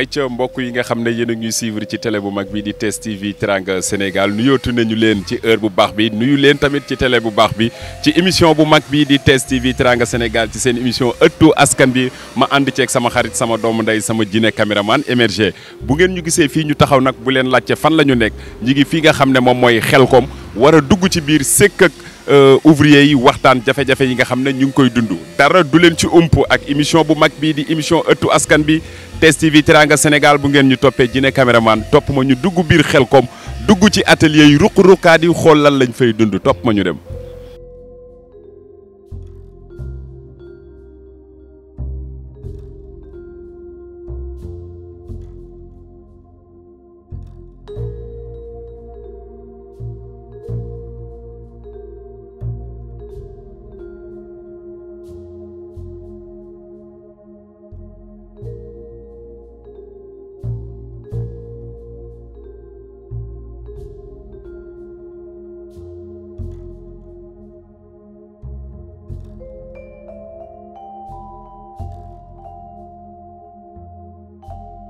ay ca mbokk yi nga xam ne yéen a ñuy suivre ci tele bu mag bi di TS TV Teranga Sénégal nuyootu nañu leen ci heure bu baax bi nuyu leen tamit ci tele bu baax bi ci émission bu mag bi di TS TV Teranga Sénégal ci seen émission ëttu askan bi ma ànd ceek sama xarit sama doomu ndey sama jine caméraman émergé bu ngeen ñu gisee fii ñu taxaw nag bu leen laajte fan la ñu nekk ñi ngi fii nga xam ne moom mooy xelkom war a dugg ci biir sëkk ak euh, ouvrier yi waxtaan jafe yi nga xam ne ñu ngi koy dund dara du leen ci ump ak émission bu mag bii di émission ëttu askan bi TS TV Teranga Sénégal bu ngeen ñu toppee Jine caméraman topp ma ñu dugg biir xel koom dugg ci atelier yi ruq-ruqaat yi xool lan lañ fay dund topp ma ñu dem.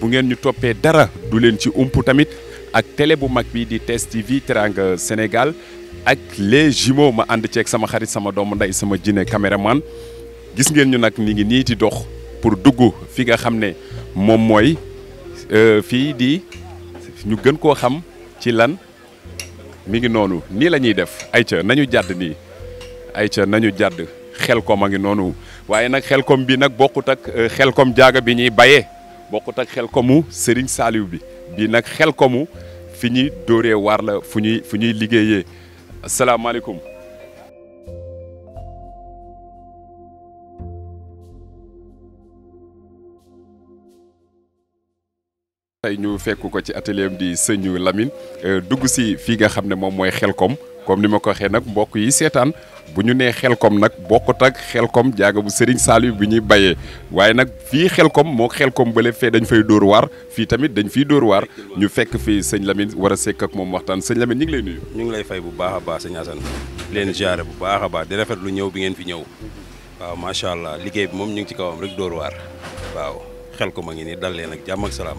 bu ngeen ñu toppee dara du leen ci ump tamit ak tele bu mag bi di TS TV Teranga Sénégal ak les jumeaux ma ànd ceeg sama xarit sama doomu ndey sama jine man gis ngeen ñu nag ni ngi nii di dox pour dugg fi nga xam ne moom mooy euh, fii di ñu gën koo xam ci lan mi ngi noonu nii la ñuy def ayca nañu jàdd nii ayca nañu jàdd xel xelkom a ngi noonu waaye nag xelkom bi nag bokkut ak euh, xelkom jaago bi ñuy bayee bokkut ak xel komu sëriñ Saliou bi bii nag xel komu fi ñuy dóoree waar la fu ñuy fu ñuy liggéeyee asalaamaaleykum. tey ñu fekk ko ci atelier am di sëñu euh, dugg si fii nga xam ne moom mooy xel xelkom comme ni ma ko waxee nag mbokk yi seetaan bu ñu nee xel koom nag bokkut ak xelkom jaaga bu Serigne Saliou bi ñuy bayee waaye nag fii xelkom moo xelkom bële fee dañ fay dóor waar fii tamit dañ fiy dóor waar ñu fekk fii sëñ Lamine war a sekk ak moom waxtaan sëñ Lamine ñu ngi lay nuyu. ñu ngi lay fay bu baax a baax sëñ leen jaare bu baax a baax di rafet lu ñëw bi ngeen fi ñëw waaw macha allah liggéey bi moom ñu ngi ci kawam rek dóor waar waaw xelkom a ngi nii dal leen jàmm ak salaam.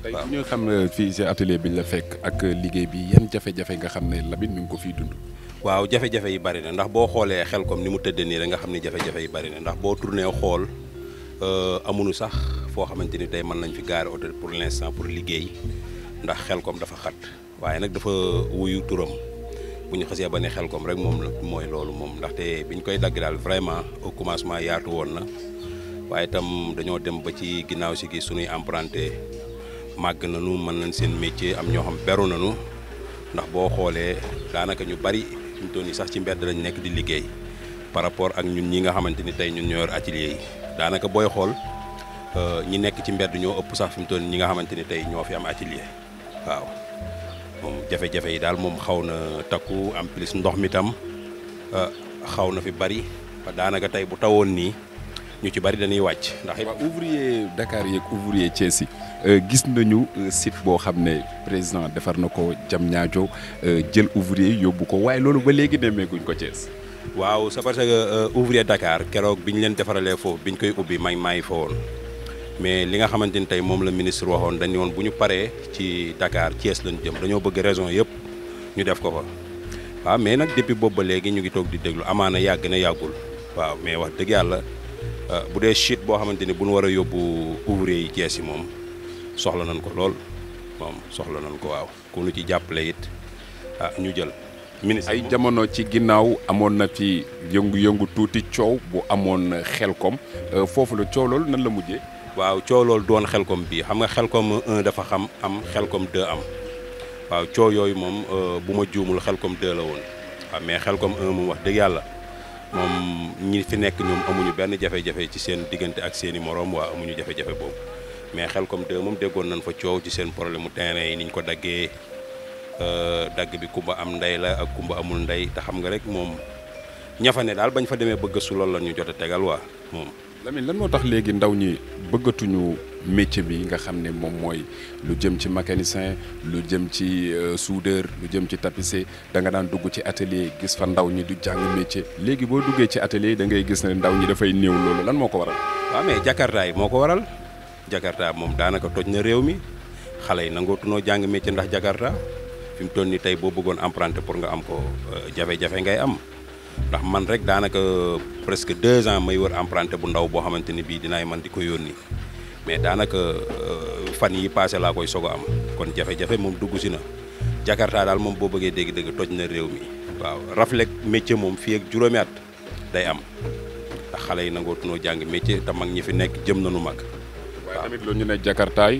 tey bu xam ne fii si atelier bi ñu la fekk ak liggéey bi yan jafe-jafe nga xam ne Lamine mi mu ko fiy dund waaw jafe-jafe yi bari na ndax boo xoolee xel comme ni mu tëddee nii rek nga xam ni jafe-jafe yi bari na ndax boo tourné xool euh, amuñu sax foo xamante ni tey mën nañ fi gaari oto pour l'instant pour liggéey ndax xel comme dafa xat waaye nag dafa wuyu turam bu ñu xasee ba ne xel comme rek moom la mooy loolu moom ndaxte bi ñu koy dagg daal vraiment au commencement yaatu woon na waaye itam dañoo dem ba ci ginnaaw si gi suñuy emprunté mag nañu man nañ seen métier am ñoo xam beru nañu ndax boo xoolee daanaka ñu bari ñu toll nii sax ci mbedd lañ nekk di liggéey par rapport ak ñun ñi nga xamante ni tey ñun ñoo yor atelier yi daanaka booy xool euh, ñi nekk ci mbedd ñoo ëpp sax fi mu toll ñi nga xamante ni tey ñoo fi am atelier waaw moom jafe-jafe yi daal moom xaw na takku en plus ndox mi tam euh, xaw na fi bari daanaka tey bu tawoon nii ñu ci bari dañuy wàcc ndax. ouvrier Dakar yeeg ouvrier Thiès Euh, gis nañu euh, site bo xamné président defar na jam ñaajo euh, jël ouvrier yóbbu ko waaye lolu ba légui léegi guñ ko Thiès. waaw c'est parce que ouvrier Dakar kérok bi ñu leen defaralee foofu bi koy ubbi may may fa woon mais li nga xamanteni tay mom moom la ministre waxon dañ won buñu paré ci Dakar Thiès lañu jëm dañoo bëgg raison yépp ñu def ko fa. waaw mais nak depuis bobu ba légui ñu ngi tok di déglu amana yag na yagul waaw mais wax dëgg yàlla bu dee chute bo xamanteni buñu wara yobbu war a yóbbu ouvrier yi Thiès soxla nañ ko lool moom soxla nañ ko waaw ku nu ci jàpp it ah ñu jël. ministre ay jamono ci ginnaaw amoon na ci yëngu-yëngu tuuti coow bu amoon xel xelkom euh, foofu la coow loolu nan la mujjee. waaw coow loolu doon xelkom bii xam nga xelkom un dafa xam am xelkom am waaw coow yooyu moom euh, bu ma juumul xelkom deux la woon waaw mais xelkom un moom wax dëgg yàlla moom ñi fi nekk ñoom amuñu benn jafe-jafe ci seen diggante ak seeni moroom waa amuñu jafe-jafe boobu. mais xel 2 moom déggoon nañ fa coow ci seen problème mu terrain yi ni ñu ko daggee euh, dagg bi kumba am ndey la ak kumba amul ndey te xam nga rek moom ñafa ne daal bañ fa demee bëgg su loolu la ñu jot a tegal waa moom. Lamine lan moo tax léegi ndaw ñi bëggatuñu métier bi nga xam ne moom mooy lu jëm ci mécanicien lu jëm ci euh, soudeur lu jëm ci tapissier danga daan dugg ci atelier gis fa ndaw ñi du jàng métier léegi boo duggee ci atelier da ngay gis ne ndaw ñi dafay néew loolu lan moo ko waral. waaw mais yi moo ko waral. Jakarta moom daanaka toj na réew mi xale yi nangootunoo jàng métier ndax Jakarta fi mu toll nii tey boo bëggoon emprunté pour nga am ko euh, jafe-jafe ngay am ndax man rek daanaka presque deux ans may war emprunté bu ndaw boo xamante ni bii dinaay man di ko yónni mais daanaka euh, fan yi passé laa koy soog a am kon jafe-jafe moom dugg si na Jakarta daal moom boo bëggee dégg-dégg toj na réew mi waaw raflek métier moom fii ak juróomi day am ndax xale yi nangootunoo jàng métier te mag ñi fi nekk jëm nañu mag. waaye tamit loolu ñu ne jakartaay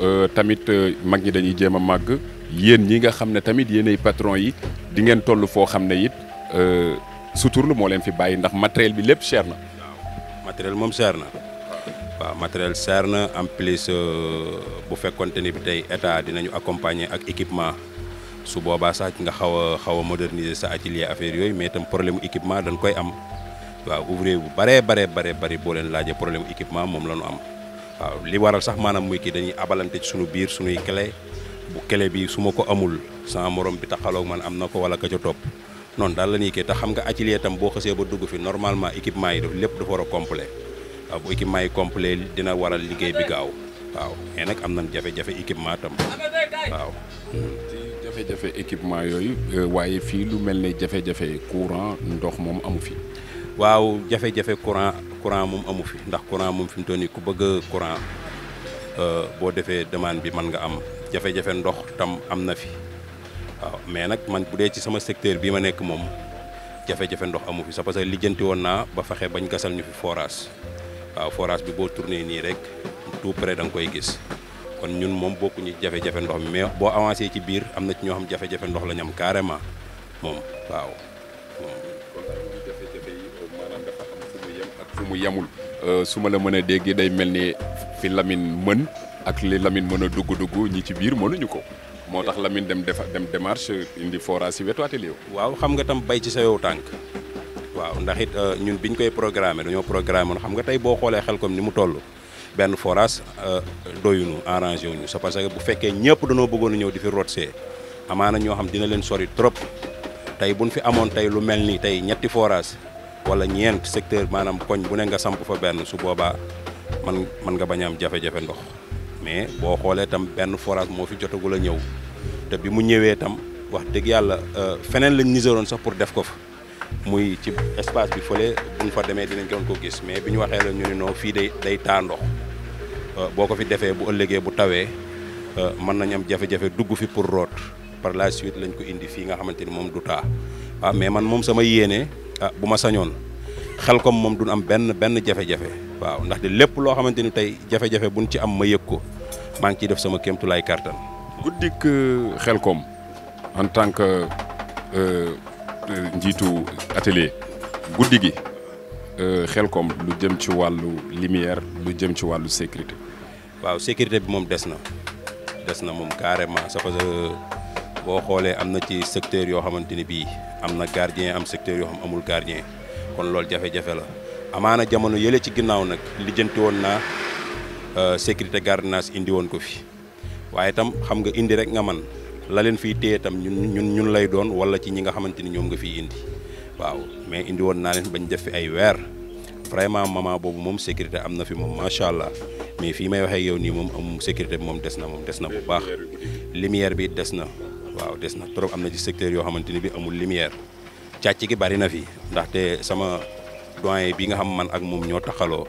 euh, tamit euh, mag ñi dañuy jéem a màgg yéen ñi nga tamit yéenay patron yi di ngeen toll foo xam ne it euh, suturlu moo leen fi bàyyi ndax matériel bi lépp cher na. matériel moom cher na waaw matériel cher na en plus bu fekkonte ni bi tey état dinañu accompagner ak équipement su boobaa sax nga xaw a moderniser sa atelier affaire yooyu mais itam problème équipement dañ koy am waaw ouvrier bu bare bare bare bare boo leen laajee problème équipement moom am. waaw li waral sax maanaam muy kii dañuy abalante ci suñu biir suñuy clé bu clé bi su ma ko amul sama moroom bi taxaloog man am na ko wala ka ca topp noonu daal la ñuy kii te xam nga atelier tam boo xasee ba dugg fi normalement équipement yi daf lépp dafa war a complet bu équipement yi complet dina waral liggéey bi gaaw waaw mais nag am na nañ jafe-jafe équipement tam waaw jafe-jafe équipement yooyu euh, waaye fii lu mel ne jafe-jafe courant ndox moom amu fi waaw jafe-jafe courant courant moom amu fi ndax courant moom fi mu toll nii ku bëgg courant euh, boo defee demande bi mën nga am jafe-jafe ndox tam am na fi waaw mais nag man bu dee ci sama secteur bii ma nekk moom jafe-jafe ndox amu fi sa parce lijjanti woon naa ba faxe bañ gasal ñu fi forage waaw forage bi boo tourné nii rek tout près da nga koy gis kon ñun moom bokkuñu jafe-jafe ndox mi mais boo avancé ci biir am na ci ñoo xam jafe-jafe ndox la ñu am carrément moom waaw. fu mu yamul euh, suma la mën a day melni fi lamine mën ak li lamine mën a dugg dugg ñi ci biir mënuñu ñuko motax lamine dem defa dem démarche indi fora ci wetuwaate léew waaw xam nga tam bay ci sa yow tank waaw ndax it euh, ñun biñ koy programmer dañoo programmer xam nga tay bo xolé xel ni mu tollu ben foras euh, doyunu arrangé wuñu sa parce que bu fekkee ñepp dañu bëggoon ñëw di fi rotsé amana ño xam dina leen sori trop tay buñ fi amone tay lu melni tay ñetti forage wala ñeent secteur maanaam koñ bu ne nga samp fa benn su boobaa man mën nga bañ am jafe-jafe ndox mais boo xoolee tam benn forage moo fi jotagul a ñëw te bi mu ñëwee tam wax dëgg yàlla euh, feneen lañ niseroon sax pour def ko fa muy ci espace bi fële buñ fa demee dinañ doon ko gis mais bi ñu waxee la ñu ni noo fii day day taa ndox euh, boo ko fi defee bu ëllëgee bu tawee euh, mën nañ am jafe-jafe dugg fi pour root par la suite lañ ko indi fii nga xamante ni moom du taa waaw ah, mais man moom sama yéene. a ah, bu ma sañoon xel kom moom duñ am benn benn jafe-jafe waaw ndax de lépp loo xamante ni tey jafe-jafe buñ ci am ma yëg ko maa ngi ciy def sama kéemtulaay kartan guddik euh, xel koom en tant que euh, euh, njiitu atelier guddi gi xel kom lu jëm ci wàllu lumière lu jëm ci wàllu sécurité waaw sécurité bi moom des na des na moom carrément ça bo xolé amna ci secteur yo xamanteni bi, amna am gardien am secteur yo xam amul gardien kon lol jafe-jafe la amana jamono yele ci ginnaaw nag won na euh sécurité gardenas indi won ko fi waye tam xam nga indi rek nga man la len fi téé tam ñun ñun lay doon wala ci ñi nga xamanteni ñom nga fi indi waaw mais indi won na len bañ def fi ay wèr vraiment mama bobu mom sécurité amna fi mom machallah mais fi may waxe yow ni mom am sécurité bi dess na mom dess na bu baax lumière bi dess na waaw des nag trop am na ci secteur yoo xamante ni bi amul lumière càcc gi bari na fi ndaxte sama doyen bi nga xam man ak moom ñoo taxaloo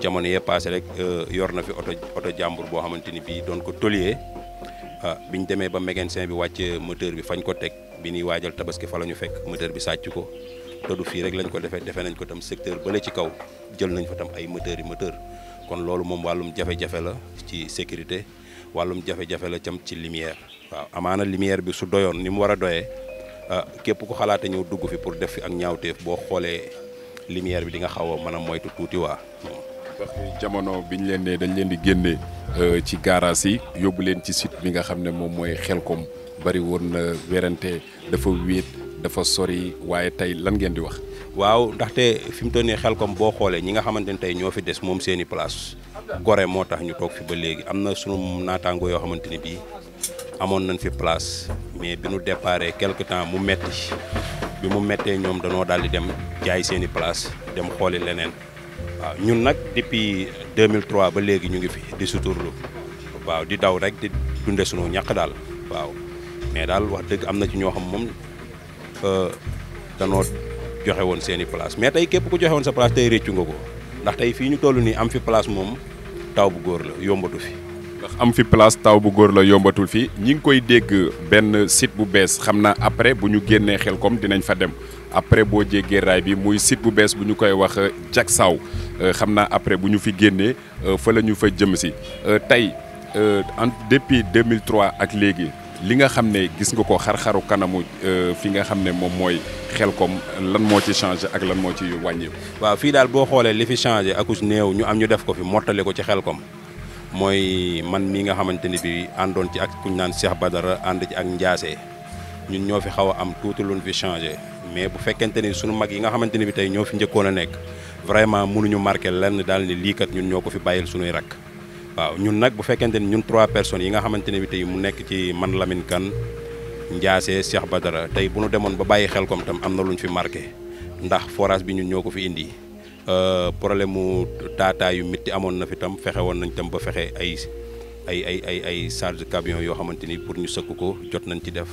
jamono yee paase rek euh, yor na fi oto oto jàmbur boo xamante ni bii doon ko toliyee ah bi ñu demee ba mécanicien bi wàcce moteur bi fañ ko teg bi ñuy waajal tabaski fa la ñu fekk moteur bi sàcc ko te fii rek lañ ko defee defee nañ ko tam secteur bële ci kaw jël nañ fa tam ay moteur yi moteur kon loolu moom wàllum jafe-jafe la ci sécurité wàllum jafe la tam ci lumière. waaw amaana lumière bi su doyoon ni mu war a doyee ah, képp ku xalaate ñëw dugg fi pour def fi ak ñaawteef boo xoolee lumière bi dinga nga xaw a mën a moytu tuuti waa. ndax jamono bi ñu leen ne dañ leen di génne euh, ci garage yi yóbbu leen ci site bi nga xam ne moom mooy xel koom bari woon na werante dafa wéet dafa sori waaye tey lan ngeen di wax. waaw ndaxte fi mu toll nii xelkom boo xoolee ñi nga xamante ne tey ñoo fi des moom seeni i place gore moo tax ñu toog fi ba léegi am na sunu naataango yoo xamante ni bii amoon nañ fi place mais bi nu déparé quelque temps mu metti bi mu metté ñom danoo dal di dem jaay seeni place dem xooli leneen waaw ñun nak depuis 2003 ba légui ñu ngi fi di suturlu waaw di daw rek di dundé suñu ñak dal waaw mais dal wax deug amna ci ñoo xam mom euh danoo joxé won seeni place mais tay képp ku joxé won sa place tay réccu nga ko ndax tay fi ñu tollu ni am fi place mom taw bu goor la yombatu fi ndax am fi place taw bu gor la yombatul fi ñi ngi koy dégg benn site bu bees xam naa après bu ñu génnee xel dinañ fa dem après boo jéggee raay bi muy site bu bees bu ñu koy wax euh, jak saw euh, xam naa après bu ñu fi génnee euh, fa la ñu fa jëm si tey en depuis 2003 ak léegi li nga xam ne gis nga ko xar-xaru kanamu fi nga xam ne moom mooy xelkom lan moo ci changé ak lan moo ci wàññeeku. waaw fii daal boo xoolee li fi changé akus néew ñu am ñu def ko fi mottali ko ci xelkom mooy man mii nga xamante ni bi àndoon ci ak kuñ naan Cheikh Badara ànd ci ak Ndiassé ñun ñoo fi xaw a am tuuti luñ fi changé mais bu fekkente ni suñu mag yi nga xamante ni bi tey ñoo fi njëkkoon a nekk vraiment mënuñu marqué lenn daal ni lii kat ñun ñoo ko fi bàyyil suñuy rakk waaw ñun nag bu fekkente ni ñun trois personnes yi nga xamante ni bi tey mu nekk ci man Lamine njaase Ndiassé Cheikh Badara tey bu nu demoon ba bàyyi xel comme tam am na luñ fi marqué ndax forage bi ñun ñoo ko fi indi Euh, problème mu taataa yu métti amoon na fi tam fexe woon nañ tam ba fexe ay ay ay ay ay charge camion yoo xamante ni pour ñu sëkk ko jot nañ ci def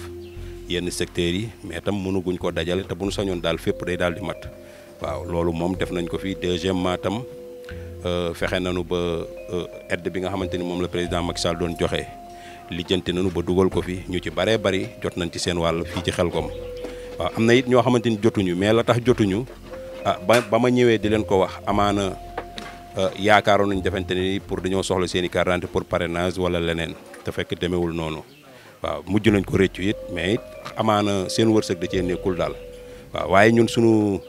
yenn secteurs yi mais tam mënuguñ ko dajale te bu ñu sañoon daal fépp day daal di mat waaw loolu moom def nañ ko fi deuxièmement tam euh, fexe nañu ba euh, aide bi nga xamante ni moom la président Macky Sall doon joxe lijjanti nañu ba dugal ko fi ñu ci baree bari jot nañ ci seen wàll fii ci Xelkom waaw am na it ñoo xamante ni jotuñu mais la tax jotuñu. ah ba ba ma ñëwee di leen ko wax amaana ah, yaakaaroon nañu defante ni pour dañoo soxla seen i carte pour parrainage wala leneen te fekk demewul noonu waaw mujj lañ ko réccu yit mais amaana seen wërsëg da cee nekkul daal waaw waaye ñun sunu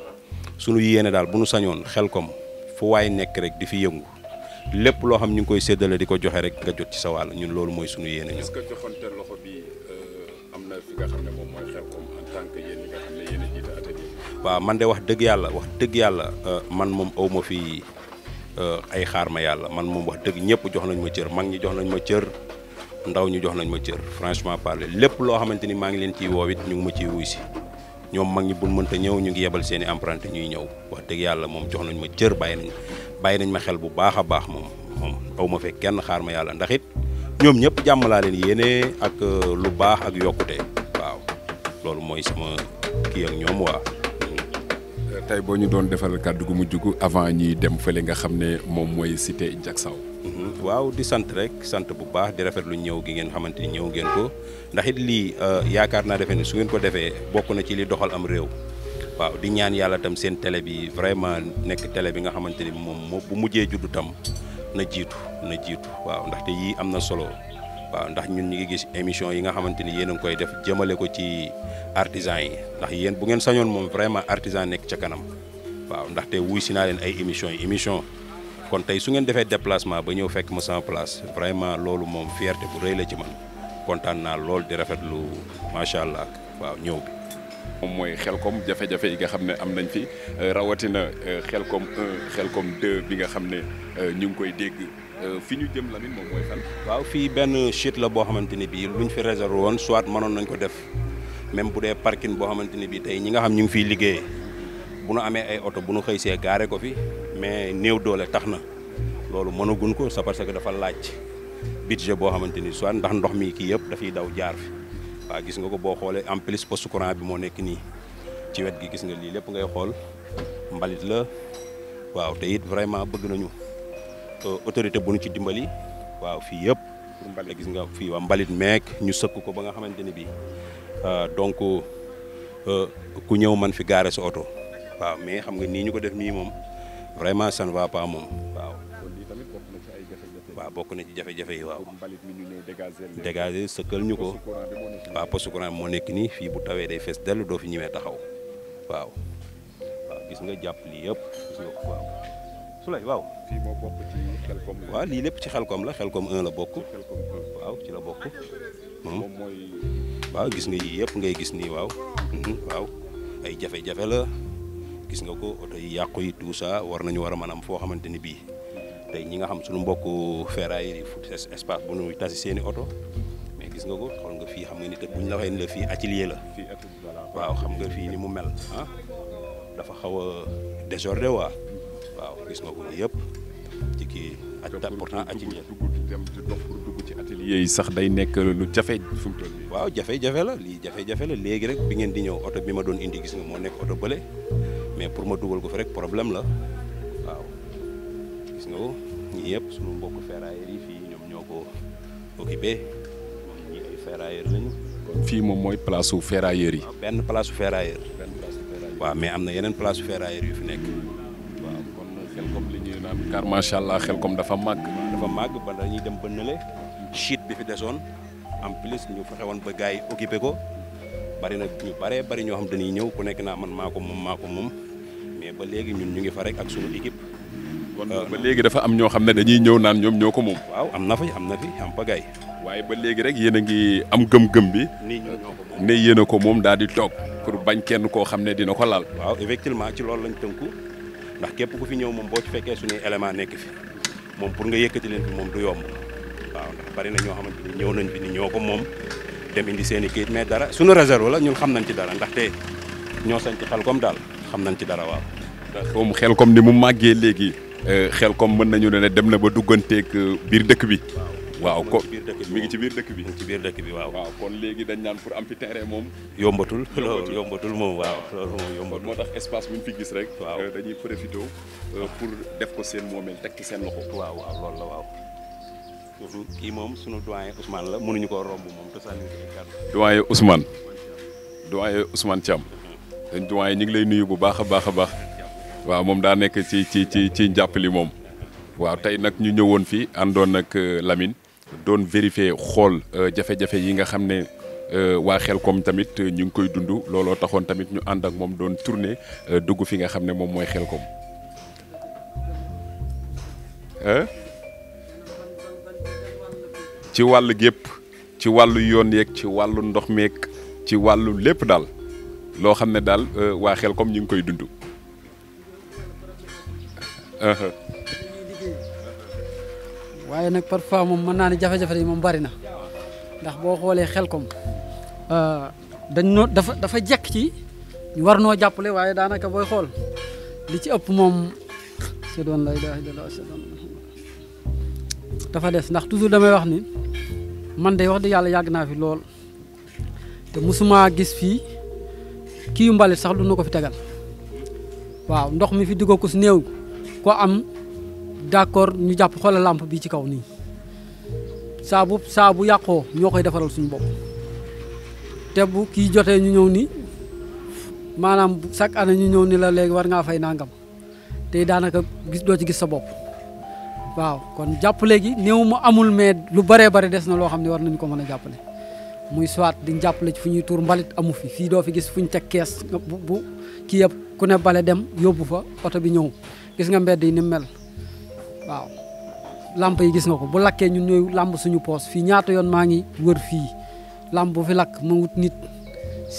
sunu yéene daal bu nu sañoon xel kom fu waay nekk rek di fi yëngu lépp loo xam ñu ngi koy séddale di ko joxe rek nga jot ci sa wàll ñun loolu mooy sunu yéene. ñun est-ce que joxante bi euh, am na fi nga waaw man de wax deug yalla wax deug yalla euh, man mom awma fi euh, ay xaar ma yalla man mom wax deug ñepp jox nañ ma cër mag ñi jox nañ ma cër ndaw ñi jox nañ ma cër franchement parler lepp lo xamanteni ma ngi leen ci woowit ñu ngi ma ci wuy ci ñom mag ñi buñ mënta ñew ñu ngi yebal seen empreinte ñuy ñew wax deug yalla mom jox nañ ma cër bàyyi nañ bàyyi nañ ma xel bu baaxa baax mom mom awma ma kenn xaar ma yalla ndaxit ñom ñepp jamm la leen yene ak euh, lu baax ak yokute waaw lolu moy sama ki ak ñom waaw tey boo ñu doon defal kàddu gu mujj gu avant ñuy dem fële nga xam ne moom mooy cité Diacksao mhm. waaw di sant rek sant bu baax di rafet lu ñëw gi ngeen xamante ni ñëw ngeen ko ndax it lii euh, yaakaar naa defe ne su ngeen ko defee bokk na ci li doxal am réew waaw di ñaan yàlla tam seen télé bi vraiment nekk télé bi nga xamante ni moom moo bu mujjee juddu tam na jiitu na jiitu waaw ndaxte yii am na solo waaw ndax ñun ñi ngi gis émission yi nga xamante ni yéen a ngi koy def jëmale ko ci artisan yi ndax yéen bu ngeen sañoon moom vraiment artisan nekk ca kanam waaw ndax ndaxte wuy si naa leen ay émission yi émission kon tey su ngeen defee déplacement ba ñëw fekk ma sama place vraiment loolu moom fierté bu rëy la ci man kontaan naa lool di rafetlu macha allah waaw ñëw bi. moom mooy xelkom jafe-jafe yi nga xam ne am nañ fi rawatina xelkom 1 xelkom 2 bi nga xam ne ñu ngi koy dégg. Euh, fi ñu jëm Lamine moom waaw fii benn chute la boo xamante ni bii lu fi réservé woon soit mënoon nañ ko def même bu dee parking boo xamante ni bii tey ñi nga xam ñu ngi fiy liggéeyee bu nu amee ay oto bu nu xëy see gaare ko fi mais néew doole tax na loolu mënaguñ ko sa parce que dafa laaj budget boo xamante ni soit ndax ndox mi kii yëpp dafay daw jaar fi waa gis nga ko boo xoolee en plus poste courant bi moo nekk nii ci wet gi gis nga lii lépp ngay xool mbalit la waaw te it vraiment bëgg nañu. Euh, autorité bu nu ci dimbali waaw fii yëpp mbalit gis nga fii waa mbalit meek ñu sëkk ko ba nga xamante ne bii euh, donc euh, ku ñëw man fi gaare sa oto waaw mais xam nga nii ñu ko def nii moom vraiment ça ne va pas moom waaw. waaw bokk na ci jafe-jafe waaw. mbalit mi ñu ne dégager sëkkal ñu ko. waaw poste courant moo nekk nii fi bu tawee day fees dellu doo fi ñëwee taxaw waaw. gis nga jàpp lii yëpp Souley waaw. lii lépp ci xel koom la xel koom la bokk. waaw ci la bokk. moom hmm. waaw gis nga yii yëpp ngay gis nii hmm, waaw. ay jafe-jafe la gis nga ko oto yi yàqu yi tout ça war nañu wara a foo xamante ni bii tey ñi nga xam suñu mbokku ferraille espace bu ñuy tasi seen i oto. gis nga ko xool nga fii xam nga ni te buñ la waxee ni la fii atelier la waaw xam nga fii ni mu mel ah. dafa xaw a désordre waa gis nga ko yëpp ci kii ak pourtant atelier pour dugg ci atelier yi sax day nekk lu jafé fu mu toll waaw jafé jafé la li jafé jafé la légui rek bi ngeen di ñëw auto bi ma doon indi gis nga mo nekk auto bële mais pour ma duggal ko fa rek problème la waaw gis nga ko ñi yëpp suñu mbokk ferrailleur yi fi ñom ñoko occupé ñi ay ferrailleur lañu fi mom moy place ferrailleur yi ben place place ferrailleur waaw mais amna yenen place ferrailleur yu fi nekk Xelkom li ñuy naan car macha allah Xelkom dafa màgg. dafa màgg ba dañuy dem ba nële. chiit bi fi desoon en plus ñu fexe woon ba gars yi occupé ko bari na ñu bari ñoo xam dañuy ñëw ku nekk naa man maa ko moom maa ko moom ba léegi ñun ñu ngi fa rek ak suñu euh, léegi dafa am ñoo xam ne dañuy ñëw naan ñoom ñoo ko moom. waaw am na fi am na fi am pagaay. waaye ba léegi rek yéen a ngi am gëm-gëm bi. nii ñoo ko ne yéen ko moom daal di toog pour bañ kenn koo xam ne dina ko laal. waaw effectivement ci loolu lañu tënku. ndax képp ku fi ñëw moom boo ci fekkee suñuy élément nekk fi moom pour nga yëkkati leen fi moom du yomb waaw ndax bari na ñoo xamante ni ñëw nañ fi ni ñoo ko moom dem indi seen i kayit mais dara suñu réserve la ñun xam nañ ci dara ndaxte ñoo sañ ci xel xelkom daal xam nañ ci dara waaw. ndax comme xelkom ni mu màggee léegi xel eh, xelkom mën nañu ne dem na ba dugganteeg eh, biir dëkk bi. waaw kon mi ngi ci biir dëkk bi ci biir dëkk bi waaw. waaw kon léegi dañ naan pour am fi terrain moom. yombatul yombatul moom waaw loolu moo tax espace bu ñu fi gis rek. waaw euh, dañuy profité euh, pour def ko seen moomeel teg seen loxo. waaw waaw loolu la waaw. kii moom sunu doyen Ousmane la mënuñu koo romb moom te sànni doyen Ousmane. doyen Ousmane Thiam. dañ doyen ñu ngi lay nuyu bu baax a baax a baax. waaw moom daa nekk ci ci ci ci njàppali moom. waaw tey nag ñu ñëwoon fii àndoon ak euh, Lamine. doon vérifier xool euh, jafe-jafe yi nga xam ne euh, waa xel Xelkom tamit euh, ñu ngi koy dund looloo taxoon tamit ñu ànd ak moom doon tourner dugg fi nga xam ne moom mooy xel Xelkom. ci wàll gépp ci wàll yoon yeeg ci wàllu ndox meeg ci wàllu lépp daal loo xam ne daal waa xel Xelkom ñu ngi koy dund. waaye nag parfois moom mën naa ne jafe-jafe yi moom bari na ndax boo xoolee xel xelkom euh, dañ noo dafa dafa jekk ci ñu war noo jàppale waaye daanaka booy xool li ci ëpp moom sedoon lay daa dala dafa des ndax toujours damay wax ni man de wax di yàlla yàgg naa fi lool te mosuma gis fii kii yu mbalit sax lu nu ko fi tegal waaw ndox mi fi dugg ko su néew ko am d'accord ñu jàpp xoolal lampe bi ci kaw sabu sa bu sa bu yakko ñokay koy defaral suñu bop te bu ki joté ñu ñew ni manam sak ana ñu ñew ni la légui war nga fay nangam te danaka gis do ci gis sa bop waaw kon japp légui néew mu amul me lu bare bare dess na lo xamni war nañ ko mëna jappalé muy swat di jappalé ci fuñuy tour mbalit amu fi fi do fi gis fu kess bu ki yeb ku ne balé dem yóbbu fa bi ñew gis nga mbedd ni mel waaw làmp yi gis nga ko bu lakkee ñun ñooy làmp suñu poos fii ñaata yoon maa ngi wër fii làmp bu fi lakk ma wut nit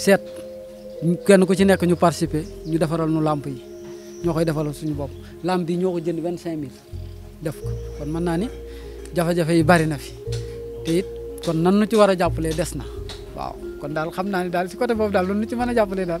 seet kenn ku ci nekk ñu participer ñu defaral nu làmp yi ñoo koy defaral suñu bopp làmp yi ñoo ko jënd vingt cinq mille def ko kon mën naa ni jafe-jafe yi bari na fi te it kon nan nu ci war a jàppalee des na waaw kon daal xam naa ne daal si côté boobu daal lu nu ci mën a jàppalee daal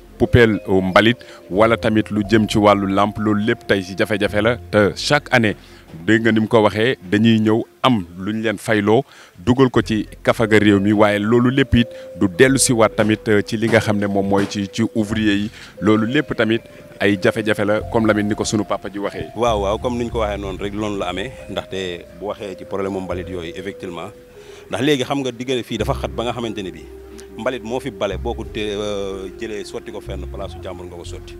poubelle au mbalit wala tamit lu jëm ci walu lampe lool lepp tay ci jafé jafé la te chaque année dégg nga ni ko waxé dañuy ñëw am lu ñu leen fayloo dugal ko ci kafaga réew mi waye loolu lepp it du dellu ci waat tamit euh, ci li nga xamné mom moy ci ci ouvrier yi loolu lepp tamit ay jafé jafé la comme Lamine niko sunu papa ji waxé waaw waaw comme niñ ko waxé non rek loolu la amé ndax té bu waxé ci problème mbalit yoy effectivement ndax légui xam nga diggante fi dafa xat ba nga xamante bi mbalit moo fi bale boo ko té euh, jëlee sotti ko fenn place su jàmbur nga ko sotti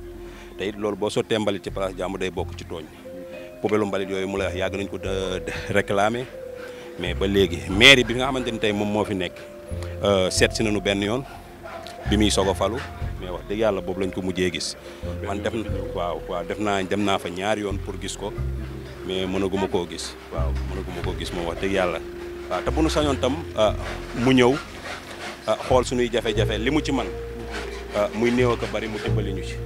te loolu boo sottee mbalit ci place jàmbur day bokk ci tooñ poubelle mbalit yooyu mu la yàgg nañ ko réclamer mais ba léegi mairie bi nga xamante ni tey moom moo fi nekk euh, seet si nañu benn yoon bi muy soog a falu mais wax dëgg yàlla boobu lañ ko mujjee gis man def waaw waaw def naa dem naa fa ñaari yoon pour gis ko mais mënaguma koo gis waaw mënaguma koo gis moom wax dëgg yàlla waaw te nu sañoon tam euh, mu ñëw Ah, xol suñuy jafe-jafe limu ci man ah, muy néw ak bari mu dimbali ñu ci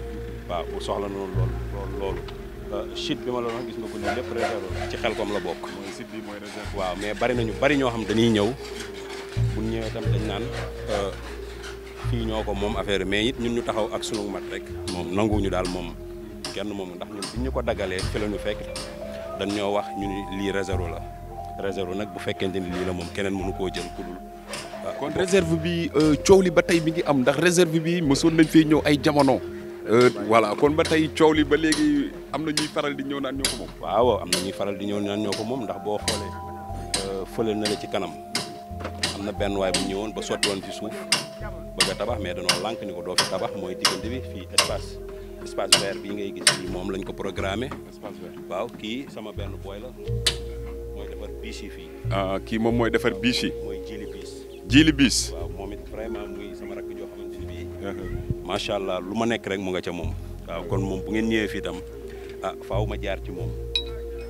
wa bu soxla non lool lool lool ah, shit bima la gis nga ko ne lépp réserve ci xel kom la bok moy shit bi moy réserve waaw mais bari nañu bari ño xam dañuy ñëw bu ñëwee tam dañ naan fii ñoo ko mom affaire mais nit ñun ñu taxaw ak suñu mat rek nangu ñu dal mom kenn mom ndax ñun biñu ko dagalé fi lañu fekk dañ ñoo wax ñu li réserve la réserve nak bu fekkente ni li la mom keneen mënu ko jël ku kon réserve bi euh, coow li ba tey bi ngi am ndax réserve bi mosoon nañ fee ñëw ay jamono. wala euh, kon ba tey coow li ba léegi am na ñuy faral di ñëw naan ñoo ko moom. ñuy faral di ñëw naan ñoo ko moom ndax boo xoolee euh, fële na la ci kanam am na benn waay bu ñëwoon ba sotti woon ci suuf bëgg a tabax mais dañoo lànk ni ko doo fi tabax mooy diggante bi fii espace espace vert bii ngay gis fii moom lañ ko programmé. espace waaw kii sama benn booy la mooy defar biis fii. Ah, kii moom mooy defar biis mooy jëli jiili biis. waaw moom it vraiment muy sama rakk joo xamante bii. macha allah lu ma nekk rek mu nga ca moom. waaw kon moom bu ngeen ñëwee fii tam ah faaw ma jaar ci moom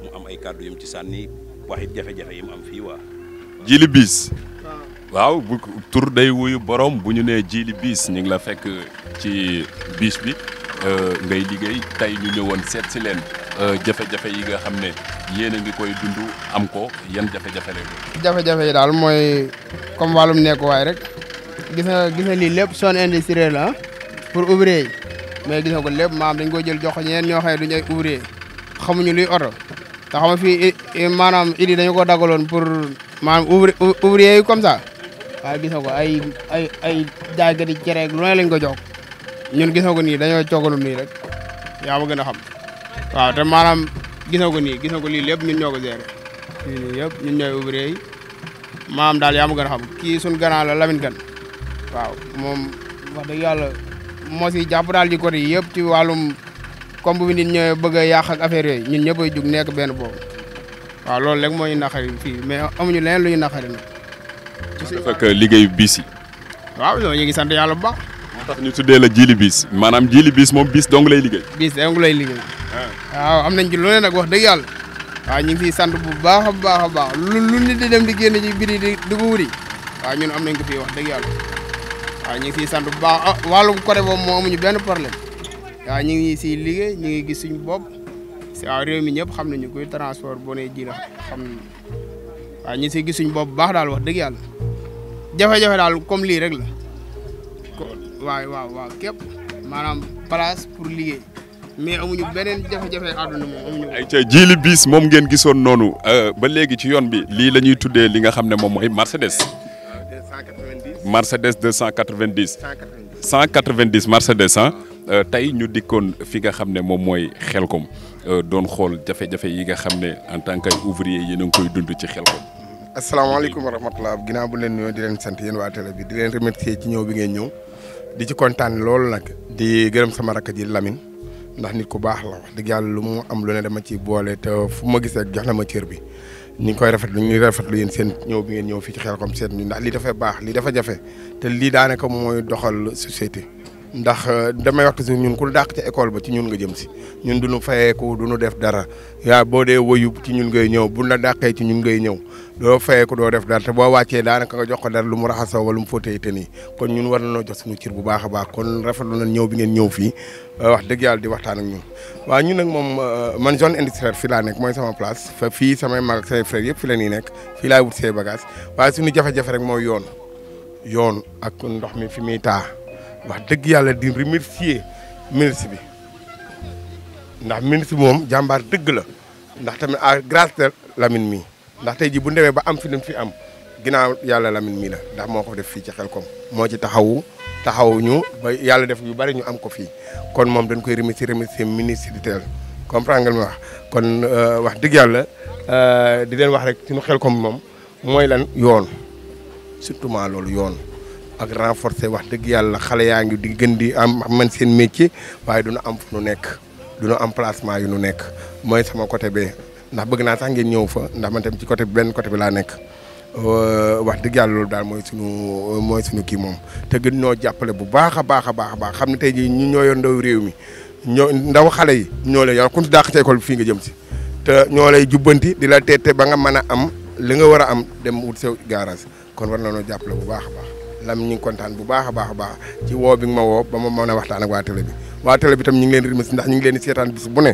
mu am ay kàddu yu ci sànni wax it jafe-jafe yi mu am fii waa. jiili biis. waaw bu tur day wuyu boroom bu ñu nee jiili biis ñu ngi la fekk ci biis bi euh, ngay liggéey tey ñu ñëwoon seet si leen euh, jafe-jafe yi nga xam ne. yene ngi koy dundu am ko yene jafé jafé rek jafé jafé yi daal mooy comme wàllum way rek gis nga gis nga lii lépp zone industrielle la pour ouvrier mais gis nga ko lepp maam dañ ko jël jox ko ño xey xam ne duñu ay ouvrier xamuñu luy oto te xama fi manam idi dañ ko dagalon pour manam ouvrier comme ça waaye gis nga ko ay ay ay jaaykat yi cere lu ne lañ ko jox ñun gis nga ko ni dañoo coogalu ni rek yaa ma gën xam waaw te manam gisoo ko nii gisoo lii lépp ñun ñoo ko gérer fii nii yëpp ñun ñooy ouvrier yi maam daal yaa ma gën a kii suñ grand la Lamine Kane waaw moom wax dëgg yàlla moo si jàpp daal di côté yëpp ci wàllum comme bu nit ñëwee bëgg a yàq ak affaire yooyu ñun ñëpp a jug nekk benn boobu waaw loolu rek moo ñu naqari fii mais amuñu leen lu ñu naqari nag. dafa fekk euh, liggéeyu biis yi. waaw ñoo ñu ngi sant yàlla bu baax. moo tax ñu tuddee la jili biis maanaam jili biis moom biis dong la liggéey. biis dong lay liggéey. waaw am nañ ci loolee nag wax dëgg yàlla waaw ñu ngi fiy sant bu baax a baax a baax lu lu nit di dem di génn di di ko wuri waaw ñun am nañ ko fii wax dëgg yàlla waaw ñu ngi fiy bu baax ah, wàllum côté boobu moo benn problème ñu ngi siy liggéey ñu ngi gis suñu bopp si waaw réew mi ñëpp xam nañu koy transport boo nee ji xam nañu waaw ñu si siy gis suñu bopp bu baax daal wax dëgg yàlla jafe-jafe daal comme lii rek la waaw waaw waaw képp maanaam place pour liggéey mais amuñu beneen jafe-jafe àdduna moom ay ca jiili biis moom ngeen gisoon noonu euh, ba léegi ci yoon bi lii la ñuy tuddee li nga xam ne moom mooy Mercedes. 290 Mercedes 290. 190 190 Mercedes ah. tey ñu dikkoon fi nga xam ne moom mooy xelkom euh, doon xool jafe-jafe yi nga xam ne en tant que ouvrier yéen a ngi koy dund ci xelkom. asalaamaaleykum wa rahmatulah ginnaaw bu leen nuyoo di leen sant yéen waa télé bi di leen remercier ci ñëw bi ngeen ñëw di ci kontaan loolu nag di gërëm sama rakk ji Lamine. ndax nit ku baax la wax dëgg yàlla lu mu am lu ne dama ci boole te fu ma gisee jox na ma cër bi ñu ngi koy rafetlu ñu ngi rafetlu yéen seen ñëw bi ngeen ñëw fii ci Xelcom seet ñu ndax li dafa baax lii dafa jafe te lii daanaka mooy doxal société. ndax euh, damay wax toujours ñun ku dàq ci école ba ci ñun nga jëm si ñun du ñu fayeeku du ñu def dara yaa boo dee woyu ci ñun ngay ñëw bu la dàqee ci ñun ngay ñëw. doo fayeeku doo def dara te boo wàccee daanaka nga jox ko dara lu mu raxasoo wala mu fóotee te nii kon ñun war na nañoo jox suñu cir bu baax a baax kon rafetlu na ñëw bi ngeen ñëw fii euh, wax dëgg yàlla di waxtaan ak ñun waa ñun nag moom euh, man zone industrielle fii laa nekk mooy sama place fa fii samay mag ak yëpp fi la ñuy nekk fii laay wut say bagage waaye suñu jafe-jafe rek mooy yoon yoon ak ndox mi fi muy taa wax dëgg yàlla di remercier ministre bi ndax ministre bi moom jàmbaar dëgg la ndax tamit à grâce de Lamine ndax tey jii bu ndewee ba am fi lu fi am ginnaaw yàlla Lamine mii la ndax moo ko def fii ci Xelkom moo ci taxawu taxawu ñu yàlla def yu bari ñu am ko fii kon moom dañ koy remercier remercier ministre di teel comprendre nga wax kon euh, wax dëgg yàlla euh, di leen wax rek nu suñu Xelkom moom mooy lan yoon surtout ment loolu yoon ak renforcer wax dëgg yàlla xale yaa ngi di di am man seen métier waaye duna am fu nu nekk duna am placement yu nu nekk mooy sama côté bee ndax bëgg naa sax ngeen ñëw fa ndax man tam ci côté benn côté bi laa nekk euh, wax dëgg yàlla loolu daal mooy sunu mooy sunu kii moom te gën ñoo jàppale bu baax a baax a baax a baax xam ne tey jii ñu ñoo yor réew mi ñoo ndaw xale yi ñoo lay yor ku ci dàq fii nga jëm si te ñoo lay jubbanti di la teete ba nga mën a am li nga war a am dem wut sa garage kon war na noo jàppale bu baax a baax lam ñu ngi kontaan bu baax a baax a baax ci woo bi nga ma woo ba ma mën a waxtaan ak waa télé bi waa télé bi tam ñu ngi leen di ñu ngi leen seetaan bis bu ne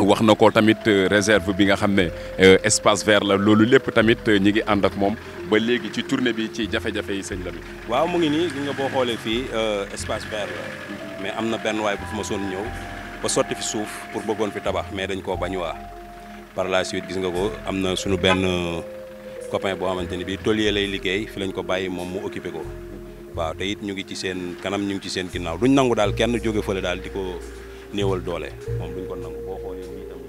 wax na ko tamit euh, réserve bi nga xam ne euh, espace vert la loolu lépp tamit euh, ñi ngi ànd ak moom ba léegi ci tournée bi ci jafe-jafe yi sëñ Lamine. waaw mu ngi nii gi nga boo xoolee fii espace vert la mais am na benn waay bu fi ma soon ñëw ba sotti fi suuf pour bëggoon fi tabax mais dañ koo bañ waa par la suite gis nga ko am na suñu benn copain boo xamante ni bii tôlier lay liggéey fi lañ ko bàyyi moom mu occupé ko waaw te it ñu ngi ci seen kanam ñu ngi ci seen ginnaaw duñ nangu daal kenn jóge fële daal di ko néewal doole moom duñ ko nangu.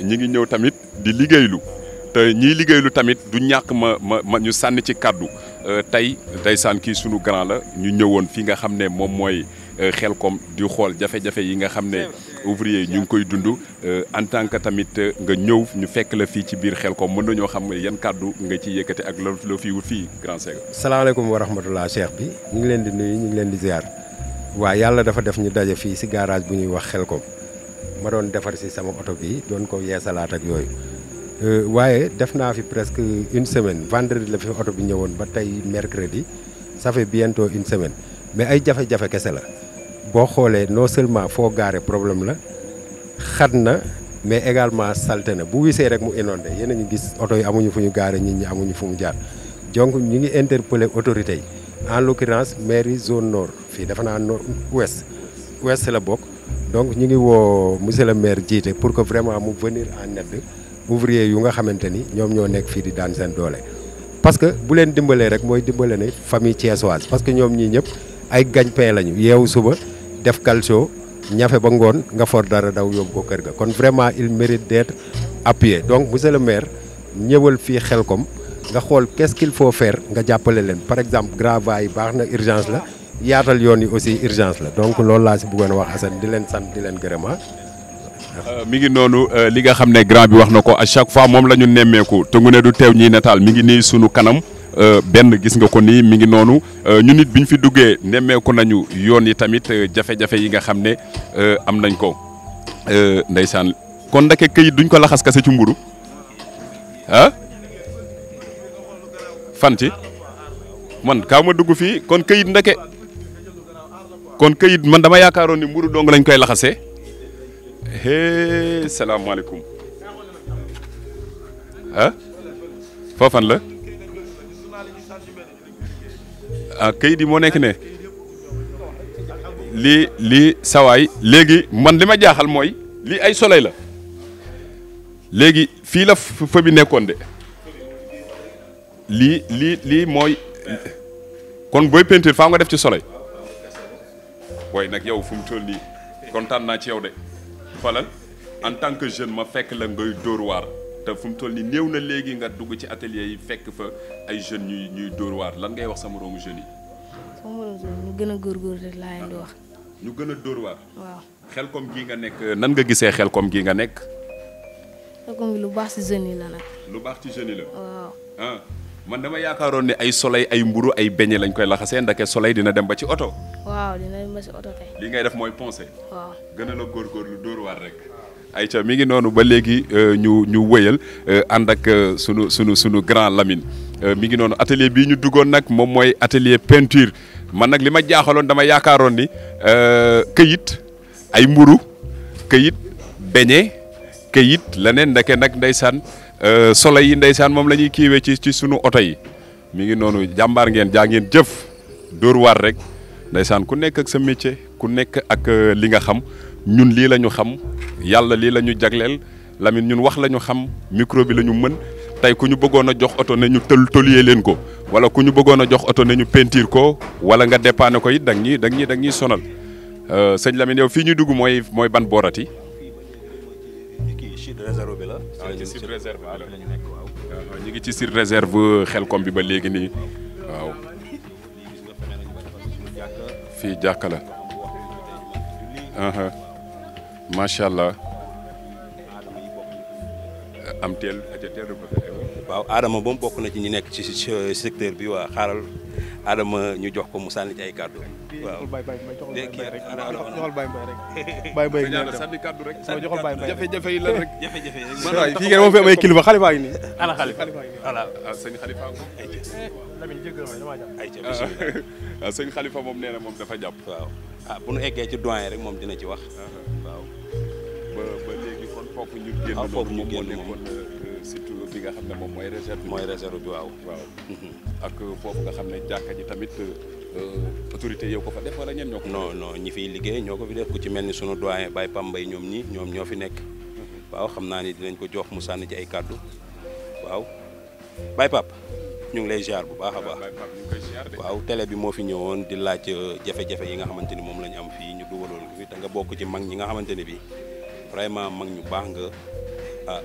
ñi ngi ñëw tamit di liggéeylu te ñiy liggéeylu tamit du ñàkk ma ma ma ñu sànni ci kàddu euh, tey ndeysaan kii sunu grand la ñu ñëwoon fii nga xam ne moom mooy xel euh, Xelcom di xool jafe-jafe yi nga xam ne ouvrier yi ñu ngi koy dund euh, en tant que tamit nga ñëw ñu fekk la fii ci biir Xelcom mën nañoo xam yan kàddu nga ci yëkkate ak la la fii wut fii grand Sega. salaamaaleykum wa rahmatulah Cheikh bi ñu ngi leen di nuy ñu ngi leen di ziar waa yàlla dafa def ñu daje fii si garage bu ñuy wax Xelcom. ma doon defar si sama oto bi doon ko yeesalaat ak yooyu euh, waaye def naa fi presque une semaine vendredi la fi oto bi ñëwoon ba tey mercredi ça fait bientôt une semaine mais ay jafe-jafe kese la boo xoolee non seulement foo gaare problème la xat na mais également salte na bu wisee rek mu inondé yéen ñu gis oto yi amuñu fu ñu gaare nit ñi amuñu fu mu jaan donc ñu ngi interpeller autorités yi en l'occurrence mairie zone nord fii dafa naa ouest ouest la bokk donc nous avons le maire pour que vraiment mu venir en aide ouvrier yu nga xamante sont là ñoo di parce que bu leen dimbalee rek la famille parce que nous sommes tous ay gagne-pain lañu suba def calcio ont ba ngoon dara daw ko vraiment il mérite d'être appuyé donc monsieur le maire nous avons Xelkom qu'est-ce qu'il faut faire par exemple gravats yi une urgence yaatal yoon yi aussi urgence la donc loolu laa si bëggoon wax Assane di leen sant di leen gërëm ah. euh, mi ngi noonu euh, li nga xam ne grand bi wax na ko à chaque fois moom la ñu nemmeeku tëngu ne du teew ñiy nataal mi ngi nii sunu kanam euh, benn gis nga ko nii mi ngi noonu ñu nit bi ñu fi duggee nemmeeku nañu yoon yi tamit jafe-jafe yi nga xam ne am nañ ko ndeysaan kon ndake kayit duñ ko laxas kase ci mburu ah fan ci man kaw dugg fii kon kayit ndake kon kayit man dama yaakaaroon ni mburu dong lañ koy laxasee hee salaamaaleykum ah foofan la ah, kayit yi moo nekk ne lii lii sawaay léegi man li ma jaaxal mooy lii ay soleil la léegi fii la fa bi nekkoon de lii lii lii mooy kon booy peinture faaw nga def ci soleil waaye nag yow fu mu toll nii kontaan naa ci yow de falal en tant que jeune ma fekk la ngay dóor waar te fu mu toll nii néew na léegi nga dugg ci atelier yi fekk fa ay jeunes ñuy ñuy dóor waar lan ngay wax sa moroomu jeunes yi. sama moroomu jeunes ñu gën a góorgóorlu rek laa leen di wax. ñu gën a dóor waar. waaw xel koom gii nga nekk nan nga gisee xel koom gii nga nekk. xel kom gi lu baax ci jeunes yi la nag. lu baax ci jeunes yi la. waaw ah. man dama yaakaaroon ne ay soleil ay mburu ay beñe lañ koy laxasee ndake soleil dina dem ba ci oto. waaw dina dem ba li ngay def mooy poncer. waaw gën a la góorgóorlu dóor waar rek. ayca mii ngi noonu ba léegi euh, ñu ñu wëyal euh, ànd ak euh, sunu sunu sunu grand mi ngi noonu atelier bii ñu duggoon nag moom mooy atelier peinture man nag li ma jaaxaloon dama yaakaaroon ni këyit ay mburu këyit beñe këyit leneen ndake nag ndeysaan. solo yi ndeysaan moom la ñuy kiiwee ci ci sunu oto yi mi ngi noonu jàmbaar ngeen jaa jëf dóor waar rek ndeysaan ku nekk ak sa métier ku nekk ak li nga xam ñun lii la ñu xam yàlla lii la ñu jagleel Lamine ñun wax lañu xam micro bi la ñu mën tey ku ñu bëggoon a jox oto na ñu tël toliyee leen ko wala ku ñu bëggoon a jox oto na ñu pentiir ko wala nga depaane ko it da ñuy da ñuy da ñuy sonal sëñ Lamine yow fii ñu dugg mooy mooy ban boorati. kii waaw ñu ci réserve bi ni waaw ñu ngi ci sur réserve Xelkom bi ba léegi nii waaw. fii jàkka la macha allah. am teel teel waaw Adama ba mu bokk na ci ñu nekk ci secteur bi waa xaaral Adama ñu jox ko mu sànni ci ay kàddu. waaw léegi kii rek joxal Baye Mbaye rek. Baye Mbaye ñu rek. joxal Baye Mbaye rek jafe-jafe yi la rek. jafe-jafe yi man waay fii ngeen moom fi am ay kilifa xalifa yi nii. ana xalifa voilà ah, sëñ xalifa ko. Eh, Lamine jëggal ma damaa jàpp. Ah, ah, moom nee moom dafa jàpp. waaw ah bu nu eggee ci doyen rek moom dina ci wax. foofu ñu génn moom ah, foofu ñu génn moom euh, surtout bi nga xam ne moom mooy réserve mooy réserve bi waaw waaw mhm. ak foofu nga xam ne jàkka ji tamit euh, euh, autorité yow ko fa def wala ñen ñoo ko non ñi fiy liggéey ñoo ko fi def ku ci mel ni sunu bay Baye Pambay ñoom ñi ñoom ñoo fi nekk mhm. waaw xam naa ni dinañ ko jox mu sànni ci ay kàddu waaw Baye Pap ñu ngi lay ziar bu baax a baax waaw télé bi moo fi ñëwoon di laaj jafe-jafe yi nga xamante ni moom la am fii ñu dugaloon ko fi te nga bokk ci mag ñi nga xamante ne bii vraiment mag ñu baax nga ah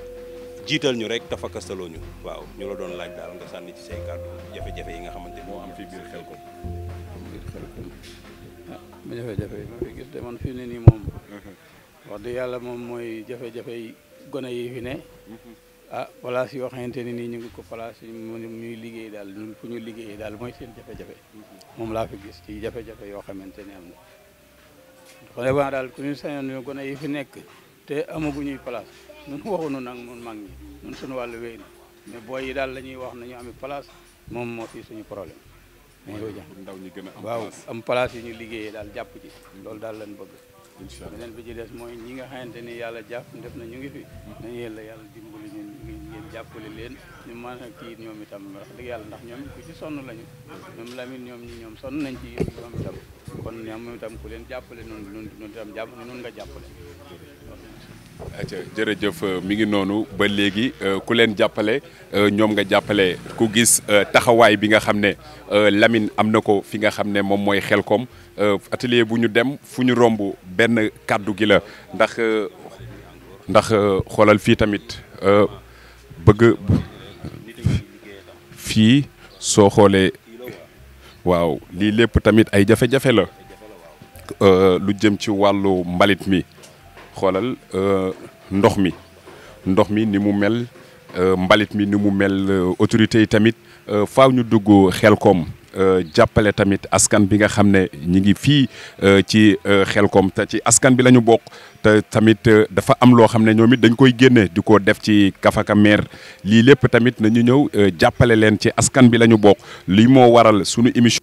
jiital ñu rek tafa kastaloo waaw ñu la doon laaj daal nga sànni ci say kàddu jafe-jafe yi nga xamante moo am fii biir xel ko biir ah, fi ne nii moom wax dëgg yàlla moom mooy jafe-jafe yi gone yi fi ne mhm. ah place yoo xamante ne nii ñu ngi ko place ñuy liggéey daal fu ñu liggéey daal mooy seen jafe-jafe mhm. moom laa fi gis ci jafe-jafe yoo xamante ne am na vraiment daal ku ñu sañoon gone yi fi nekk te ñuy place ñun waxuñu nak ñun mag ñi ñun suñu walu wéy na mais boy yi dal lañuy wax nañu amee place mom mo fi suñu problème mo do jax ndaw ñi gëna am place am place yi ñu liggéey dal japp ci lool dal lañ bëgg inshallah allah bi ci dess moy ñi nga xanté ni yalla jàpp def na ñu ngi fi nañu yalla yalla dimbali ñun ngeen jàppale leen ñu man ak kii ñoom itam wax dëgg yalla ndax ñoom ku ci sonu lañu ñoom Lamine ñoom ñi ñoom sonu nañ ci ñoom itam kon ñam itam ku leen jàppale non non itam jàpp non nga jàppale jërëjëf euh, mi ngi noonu ba léegi euh, ku leen jàppale euh, ñoom nga jàppale ku gis bi nga Lamine amnoko, na ko fi nga atelier bu ñu ben fu ñu romb benn kàddu gi la ndax ndax xoolal fii tamit bëgg fii soo xoolee waaw lii lépp tamit ay jafe-jafe la xoolal euh, ndox mi ndox mi ni mu mel euh, mbalit mi ni mu mel euh, autorité yi tamit faw ñu dugg Xelcom jàppale tamit askan bi nga xam ne ñi ngi fii ci Xelcom te ci askan bi la ñu bokk te tamit dafa am loo xam ne ñoom it dañ koy génne di ko def ci Kafaka maire lii lépp tamit nañu ñëw jàppale leen ci askan bi la ñu bokk lii moo waral sunu émission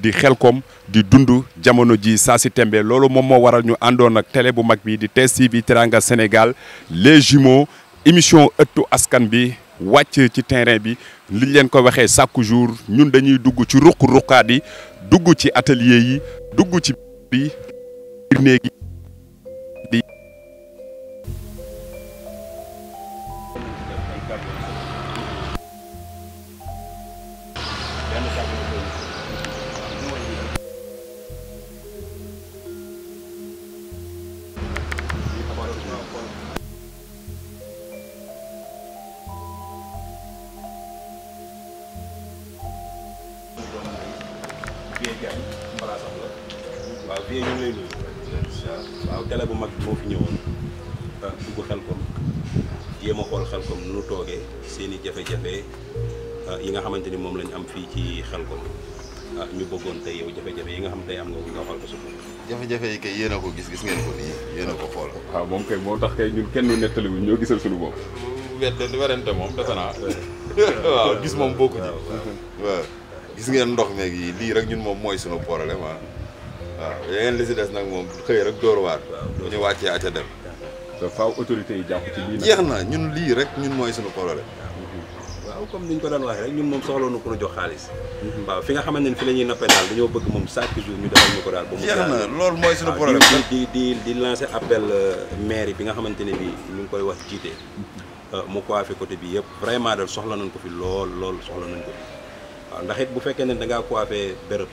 di xelkom di dundu jamono ji de tembe lolo. Momo mo waral ñu àndoon ak télé bu mag bi di Teranga Sénégal les jumeaux émission ëttu askan bi wacc ci terrain bi liñ leen ko chaque jour ñun dañuy dugg ci ruq dugg atelier yi dugg ci bi télé bu mag mo fi ñëwoon ah, dugg xel ko yema a xel ko nu toge seeni jafé jafé euh ah, yi nga xamanteni mom lañ am fi ci xel ko ah, ñu bëggoon tay yow jafé jafé yi nga xam tay am nga ko nga xol ko suuf. jafé jafé yi kay yéna ko gis gis ngeen ko ni yéna a ko xool. waaw moom kay mo tax kay ñun kenn netali wu ñoo gisal suñu bop wedd werante moom defe naa. waaw gis mom bokku ci. waaw gis ngeen ndox meeg yi lii rek ñun mom moy suñu problème waaw waaw yeneen li si des nag moom xëy rek door waar. bu ñu wàccee aca dem. te yi jàpp ci jeex na ñun lii rek ñun mooy suñu problème. waaw comme ni ñu ko daan waxee rek ñun moom soxla nu ko jox xaalis. waaw fi nga xamante ne fi la ñuy daal dañoo bëgg moom chaque jour ñu defal ñu ko daal. ba mu jeex na mooy suñu problème di di di lancer appel euh, maire bi nga xamante ne bii ñu ngi koy wax jiite. Euh, mu coiffé côté bi yëpp vraiment dal soxla nañ ko fi lool lool soxla nañ ko fi waaw ndax it bu fekkee ne da ngaa coiffé béréb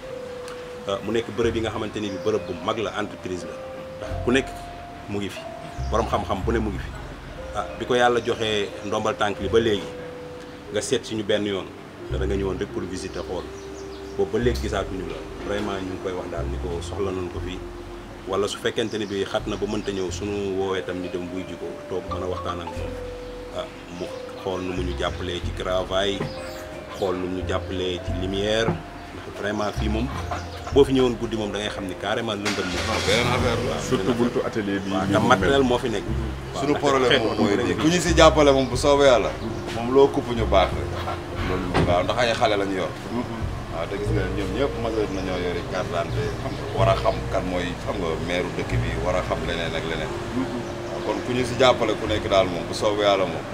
Euh, mu nek bërëb yi nga xamanteni bi bërëb bu mag la entreprise la ku nek mu ngi fi borom xam-xam bu ne mu ngi fi ah biko yalla joxe ndombal tank li ba legi nga seet suñu ben yoon da nga ñewon rek pour visiter xol bo ba gisatu ñu la vraiment ñu koy wax dal niko soxla nañ ko fi wala su fekkenteni bi xatna bu mën ta ñew suñu woowee tam ni dem buy jiko tok mëna waxtaan ak mom ah mu xol nu mu ñu jappalé ci travail xol nu mu ñu jappalé ci lumière vraiment fii moom boo fi ñëwoon guddi moom da xam ni carrément lëndëm la. surtout buntu atelier bi. waaw matériel moo fi nekk. suñu problème moom mooy nii ku ñu si jàppale moom bu soobee yàlla. moom loo kupp ñu baax la. loolu waaw ndax ay xale lañu yor. Mm-hmm. waaw te gis nga ñëpp majeur nañoo yore carte d'identité a xam kan mooy xam nga maire dëkk bi war a xam leneen ak leneen. Mm-hmm. kon ku si jàppale ku nekk daal moom bu soobee yàlla moom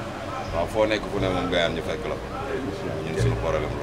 foo nekk ku ne moom nga yaan ñu fekk la ko. ñun suñu problème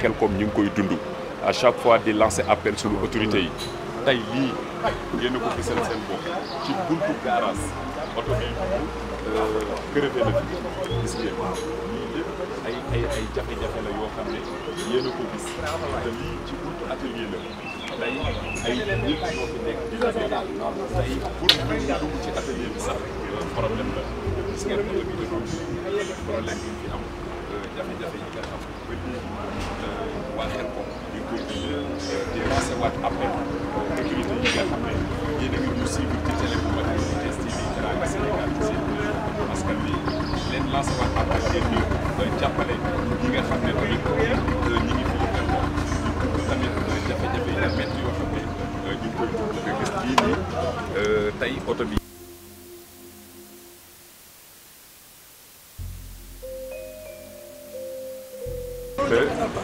xel comme ñu koy dund à chaque fois di lancer appel sur autorité yi tay li yéen a ko gisal sen bopp ci buntu garage auto bi euh, crevé na fi gis ngeen lii lépp ay ay ay jafé jafé la yo xamné ne ko gis te li ci buntu atelier la tay ay nit ñoo fi nek di la daal tey pour ñu dugg ci atelier bi sax problème la gis ngeen problème yi da doon problème yi fi am jafé euh, jafé yi nga xam waa Xelcom ñu ko di lancé waat appel autorité yi nga xam ne yéen a ngi ñu suivre ci télé bu wala ci DSTV Teranga Sénégal ci seen askan bi leen lancé waat appel yéen ñu jàppale ñi nga xam ne tamit ñi ngi fi Xelcom ñu tamit jafe-jafe yi metti yoo xam ne ñu ngi koy dund nga gis lii nii tey oto bi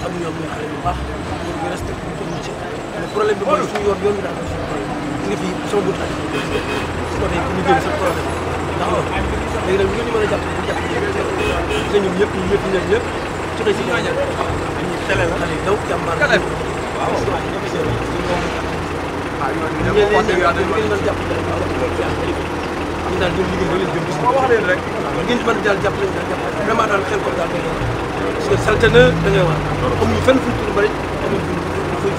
ak ñoom ñooy xale bu baax pour ñu respecté ñu toll ci mais problème bi mooy suñu yoon yoon bi daal mooy suñu problème bi nga fi sama buntu laaj su ko defee ku ñu génn sa problème ndax loolu léegi nag ñu mën a jàpp ñu jàpp te ñoom ñëpp ñu ñëpp ñëpp ñëpp su xëy si ñu ñëpp dañuy tele la xale daw jàmbaar waaw waaw ñu leen jàpp ñu daal ñoom liggéey ba leen jëm gis nga ngeen mën a daal jàpp leen daal jàpp vraiment daal xel ko daal parce da ngay wax amuñu fenn fuñ tudd bëri amuñu fuñ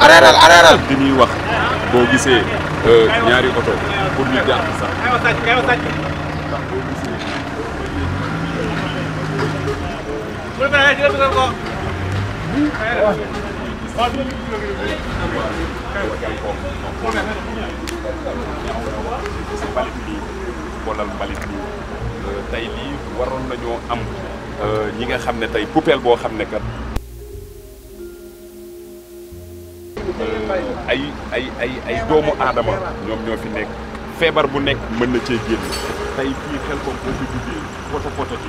areeral areeral bi ñuy wax boo gisee euh, ñaari oto pour ñu jàpp mbalit bi boolal mbalit am ñi nga xam ne tey poubelle boo xam ne kat ay ay ay ay doomu aadama ñoom ñoo fi nekk feebar bu nekk mën na cee génn tey fii xel ko boo fi duggee poto ci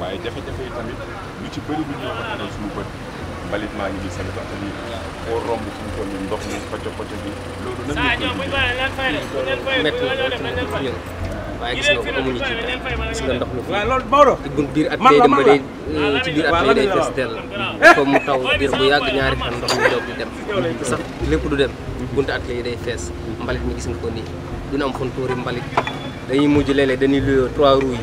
waaye jafe-jafe tamit lu ci bëri lu ñuy wax tey suñu bët mbalit maa ngi gis tamit wax dëgg ndox la ñu koy métti na waaye gis nga ko amuñu mu taw biir bu yàgg ñaari fan ndox mi doog lépp du dem buntu at day fees mbalit mi gis nga ko am fontuuri mbalit dañuy mujj léeg dañuy luyoo trois roues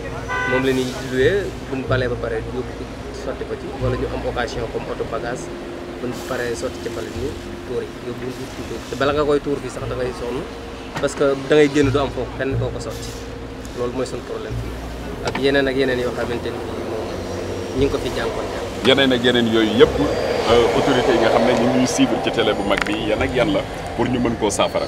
moom la ñuy loué buñ balee ba pare yóbbu ko sotti ko ci wala ñu am occasion comme oto bagage buñ paree sotti ci mbalit mi tuur parce que da génn du am foofu fenn foo ko sotti loolu mooy suñu problème yeneen ak yeneen yoo xamante ni ñu ngi ko fi jànkuwanteel. yeneen ak yeneen yooyu yëpp euh, autorités yi nga xam ne ñu ngi ñuy ci télé bu mag bi yan ak yan la pour ñu mën koo saafara.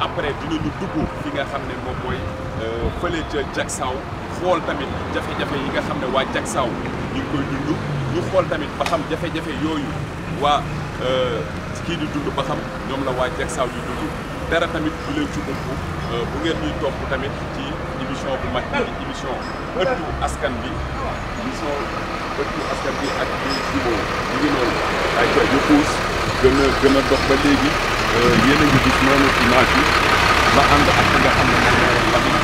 après dinañu dugg fi nga xamné ne moom mooy euh, fële tamit yi nga ñu koy ñu tamit ba xam wa, euh, di ba xam la dara tamit bu ci euh, bu ngeen ñuy tamit ci yéen a ngi gis noonu ci naaj bi ba ànd ak li nga xam ne moom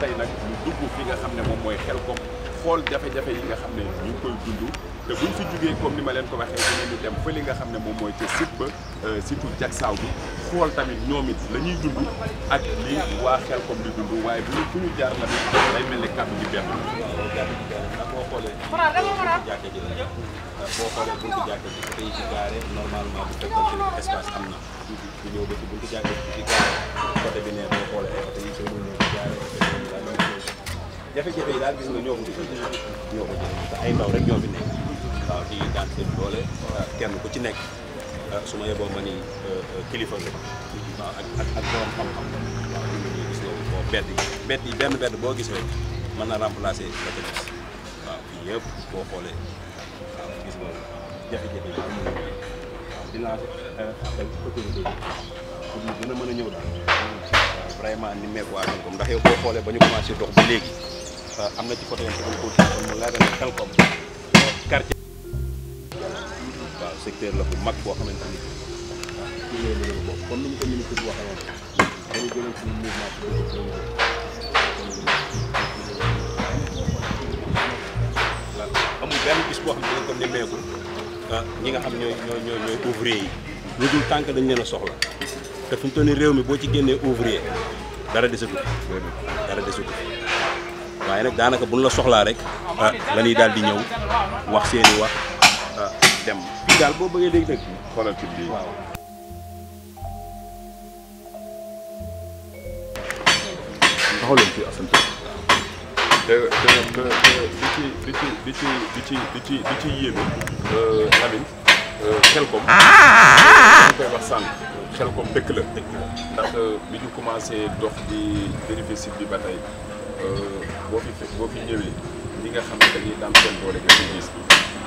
tay nak ñu dugg fi nga xamné mom moy mooy xel kom xool jafé jafe yi nga xamné ñu koy dund te buñ fi jugee comme ni ma leen ko waxee ñu dem fa li nga xamné mom moy ci sip euh ba surtout jagsaaw bi xol tamit ñomit lañuy la dund ak li wa xel kom di dund waye bu ñu ñu jaar la lay day carte ne kàddu gi benn ndax boo xoolee jàkka ji la boo xoolee buntu jàkka ji tey ci gaare normalement bu fekkante ni espace am na bu ñëw ba ci buntu jàkka ci gaare côté bi ne boo xoolee ay oto yi jafe-jafe yi daal gis nga ñoo ko ñoo ko jëlee euh, ku ci nekk euh, su ma yeboo ma ni euh, kilifa nga xam bedd yi benn bedd boo gisee mën na remplacer la ca des waaw fii gis nga jafe-jafe yi daal waaw ñu gën a mën a ñëw daal ni waa comme ndax yow boo xoolee ba ñu commencé dox ba léegi Euh, am na ci côté yoon tamit pour xel kom quartier secteur la bu mag boo xamante ni waaw ci boobu kon ni bi boo xam ne euh, ñi nga xam ñooy ñooy ñooy ñooy ouvrier yi lu dul tànk dañ leen a soxla te fu mu réew mi boo ci génnee ouvrier dara desatu dara desatu waaye nag daanaka buñ la soxlaa rek ah, la ñuy daal di ñëw wax seeni wax ah, dem fii daal boo bëggee dégg bi waaw te te di ci di ci di ci di ci di ci yéeme euh, Lamine xelkom euh, ah, dañ la ndax euh, bi ñu commencé dox di dérivé bi ba boo fi fekk boo fi ñëwee ñi nga xam ne dañuy daan seen doole nga fi gis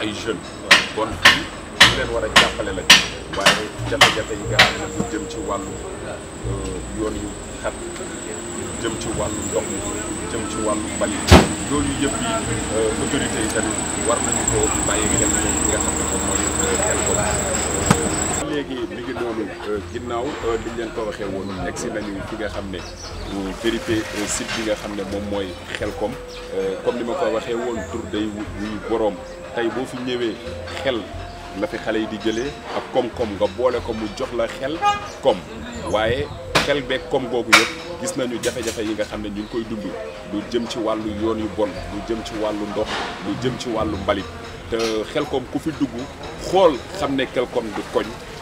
ay jeunes. kon fii ñu leen war a jàppale lañ waaye jafe-jafe yi nga jëm ci wàllu euh, yoon yu xat jëm ci wàllu ndox jëm ci wàllu mbalit loolu yëpp yi euh, autorités yi tamit war nañu ko bàyyi xel ñoom ñi nga xam ne moom mooy xel euh, ko Euh, ginnaaw liñ euh, leen ko waxee woon egg si nañu fi nga xam ne vérité euh, site bi nga xam ne moom mooy xel Xelcom comme ni ma ko waxee woon tur day wuy boroom tey boo fi ñëwee xel nga fi xale yi di jëlee ak koom-koom nga boole ko mu jox la xel koom waaye xel beeg koom googu yëpp gis nañu jafe-jafe yi nga xam ne ñu koy dund lu jëm ci wàllu yoon yu bon lu jëm ci wàllu ndox lu jëm ci wàllu mbalit te Xelcom ku fi dugg xool xam ne Xelcom du koñ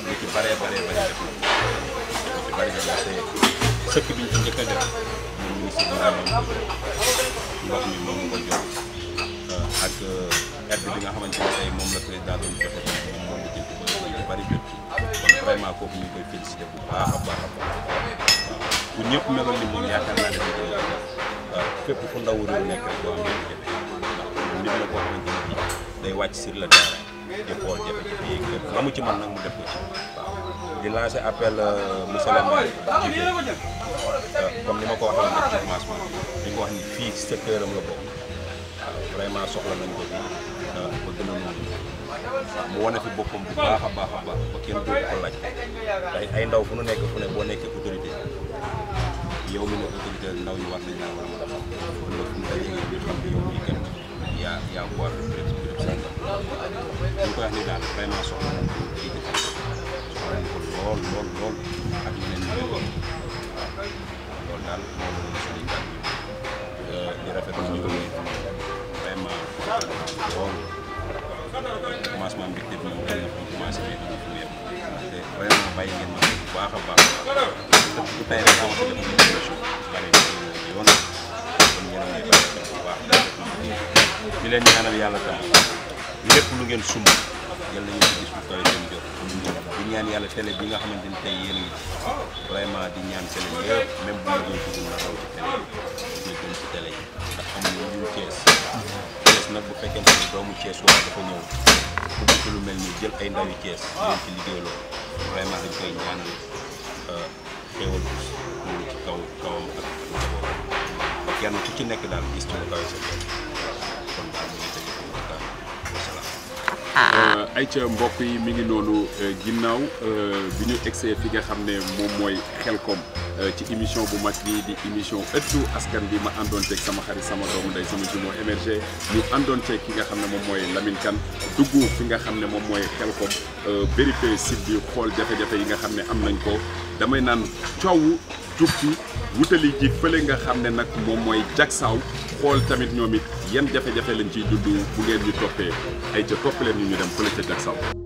lu ci bëree bëree bëri def lu ci bëri def ndaxte sëkk bi ñu ci njëkk a def moom mi ngi si gouvernement bi ndox mi moom nga jox euh, ak euh, aide bi nga xamante ne tey moom la président doon joxe moom moom jënd ko ci bëri jot ci kon vraiment kooku ñu ngi koy félicité bu baax a baax a baax bu ñëpp meloon ni moom yaakaar naa ne moom waaw fépp fu ndaw réew nekk rek doo am jafe-jafe ndax nit la koo xamante ne day wàcc sur le terrain Eh, di xool jafe-jafe yeeg mu ci mu def ko ci di lancé appel monsieur le maire Djigo comme ni ko ci di ko wax ni fii secteur la bokk vraiment soxla nañ ko fii ba gën a mu wane fi boppam bu baax a baax ba kenn dootu ko laaj ay ay ndaw fu nu nekk fu ne autorité yow mi autorité ndaw yi war nañ la war ñu koy wax ni daal vraiment soalnya nañ ko ci jotaay soxla nañ ko lool lool lool ak yeneen yu waaw loolu mas moom di rafet ñu ngi vraiment lool commencement bi tëb moom kenn ku commencé bi am fu yem ndaxte vraiment bàyyi ngeen ma bu baax yang baax ngeen sumb yal nañu ci gis bu kawe seen jot yàlla télé bi nga xamante ni tey yéen a vraiment di ñaan télé yëpp même bu ñu doon ci dund xaw ci télé yi ñu gën ci na ñu Cees Cees nag bu fekkente ni doomu Cees wax dafa ñëw bu def lu mel nii jël ay ndaw yu Cees leen ci liggéeyloo vraiment dañ koy ñaanal euh, xéewal kenn ku nekk daal gis ci lu kawe seen Euh, ay ca mbokk yi mi ngi noonu euh, ginnaaw euh, biñu ñu fi nga xamné mom moy xelkom ci émission bu mag bi di émission eutu askan bi ma àndoon ceeg sama xarit sama doomu ndey sama jumo émergé ñu àndoon ceeg ki nga xamné mom moy Lamine Kane fi nga xamné mom moy xelkom vérifier site bi xol jafé jafé yi nga xamné am nañ ko damay naan coow jub ci wutali ji nga xamné nak mom moy mooy kool tamit ñoom it yan jafe-jafe lañ ciy dund bu ngeen ñu toppee ay ca topp leen ñu dem fële ca Jaksaaw